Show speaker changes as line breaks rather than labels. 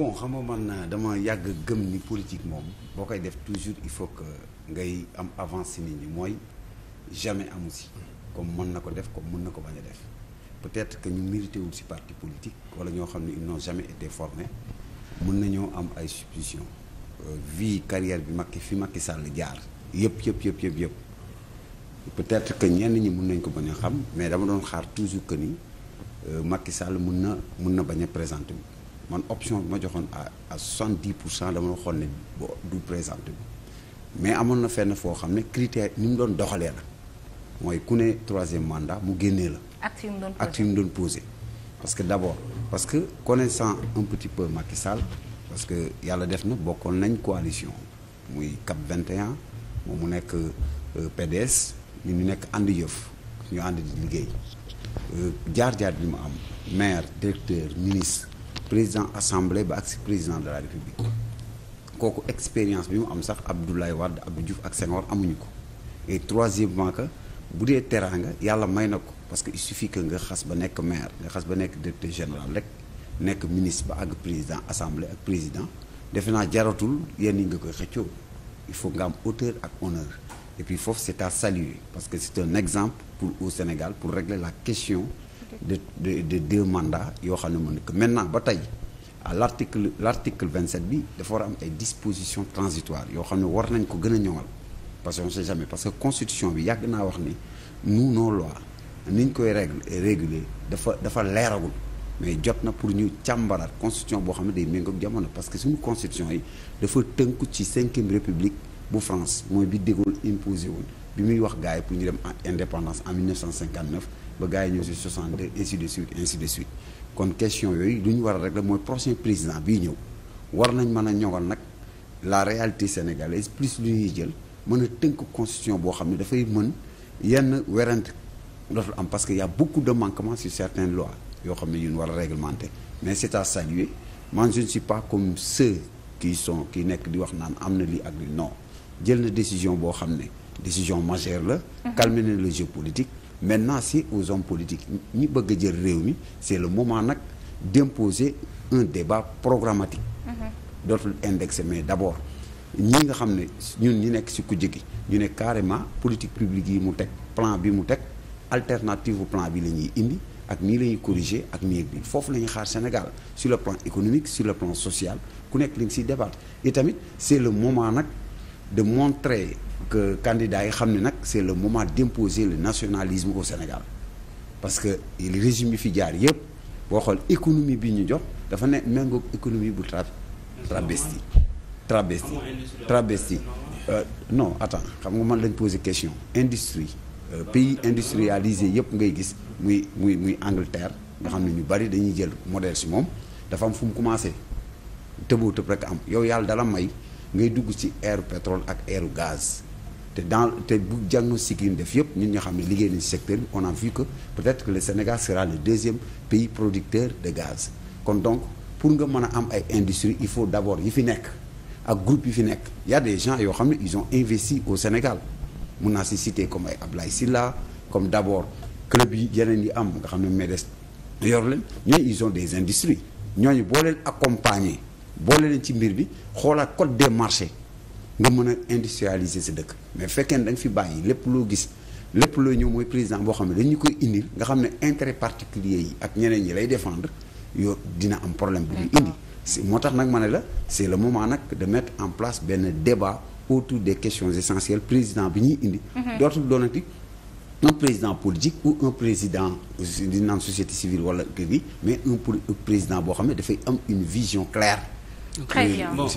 bon xam nga man euh, dama yàgg gëm ni politique moom boo koy def toujours il faut que ngay am avance si nit ñi mooy jamais amu si comme mën na ko def comme mun na ko bañ a def peut-être que ñu mérité si parti politique wala ñoo xam ne ils n'ont jamais été formés mën nañoo am ay suspicion euh, vie carrière bi Macky fi Macky Sall jaar yëpp yëpp yëpp yëpp yëpp peut-être que ñenn ñi mun nañ ko bañ a xam mais dama doon xaar toujours que ni euh, Macky Sall mun na mun na bañ a présenté wu man option bi ma joxoon à à 70 pour cent dama xool ne boo du présenté mais amoon na fenn foo xam ne critère ni mu doon doxalee la mooy ku ne troisième mandat mu génnee la. acte yu doon posé acte yu mu doon posé parce que d' abord parce que connaissant un petit peu Macky parce que yàlla def na bokkoon nañ coalition muy CAP 21 moom mu nekk euh, PDS ñu ñu nekk ànd yëf ñu ànd di liggéey euh, jaar-jaar bi mu am maire directeur ministre. président assemblée ba ak si président de la république kooku expérience bi mu am sax Abdoulaye Wade Abdou Diouf ak Senghor amuñu ko et troisièmement que bu dee teraanga yàlla may na ko parce que il suffit que nga xas ba nekk maire nga xas ba nekk directeur général rek nekk ministre ba ak président assemblée ak président defe naa jaratul yenn yi nga koy xëccoo il faut nga am hauteur ak honneur et puis foofu c'est à saluer parce que c'est un exemple pour au Sénégal pour régler la question de de de deux mandats yoo xam ne mu nekk maintenant ba tey à l' article l' article bi dafa war am ay disposition transitoires yoo xam ne war nañ ko gën a ñoŋal parce que on parce que constitution bi yàgg naa wax ni nous nos lois ni ñu koy règle réguler dafa dafa leeragul mais jot na pour ñu càmbaraat constitution boo xam ne day méngoog jamono parce que suñu constitution yi dafa tënku ci cinquième république bu France mooy bi de Gaulle woon bi muy wax gars yi pour ñu dem indépendance en 1959 ba gars yi ñëw si 62 ainsi de suite ainsi de suite kon question yooyu lu ñu war a rek la mooy prochain président bii ñëw war nañ mën a ñoŋal nag la réalité sénégalaise plus lu ñuy jël mën a tënk constitution boo xam ne dafay mën yenn werante dootul am parce que y a beaucoup de manquements sur certaines lois yoo xam ne yu ñu a réglementer mais c'est à saluer man je ne qui sont qui nekk di wax naan am na lii ak lii non jël na décision boo xam ne décision majeure la. Mhm. calmer na le jeu politique. maintenant c'est au hommes politiques ñi bëgg a jël réew mi c'est le moment nag d'imposer un débat programmatique. Mhm. dootul indexé mais d'abord ñi nga xam ne ñun ñi nekk ci kujje gi ñu ne carrément politique publique yi mu teg plan bi mu teg alternative plan bi la ñuy indi. ak nii la ñuy corriger ak nii ak nii foofu la ñuy xaar Sénégal sur le plan économique sur le plan social ku nekk li nga siy débattre et tamit est le moment nag de montrer que candidats yi xam ne nag c' est le moment d' imposer le nationalisme au Sénégal parce que régime yi fi jaar yëpp boo xool bi ñu jox dafa ne méngoog économie bu tra travesti travesti travesti euh, non attends xam nga man lañ poser question industrie Euh, pays industrialisé yëpp ngay gis muy muy muy Angleterre nga xam ne ñu bari dañuy jël modèle si moom dafa am fu mu commencé tëboo tëb rek am yow yàlla dala may ngay dugg ci air pétrole ak air gaz te dans te bu diagnostic yi ñu def yëpp ñun ñoo xam ne liggéey nañ secteur bi on a vu que peut-être que le Sénégal sera le deuxième pays producteur de gaz kon donc pour nga mën a am ay industrie il faut d'abord yi fi nekk ak groupe yi fi nekk y a des gens yoo xam ne ils ont investi Sénégal mun naa si citer comme ay Ablaye Sylla comme d' abord club yi yeneen yi am nga xam ne MEDES yor leen ñooñu ils ont des industries ñooñu boo leen accompagner boole leen ci mbir bi xoolaat code des marchés nga mën a industrialiser sa dëkk mais fekkee ne da nga fi bàyyi lépp loo gis lépp loo ñëw mooy président boo xam ne dañu koy indi nga xam ne intérêt particulier yi ak ñeneen ñi lay défendre yoo dina am problème bu ñu indi moo tax nag ma ne la c' est le moment nag de mettre en place benn débat autour des questions essentielles président bi ñuy indi dootul mhm. doonati un président politique ou un président di naan société civile wala kër gi mais un président boo xam ne dafay am une vision claire très bien bon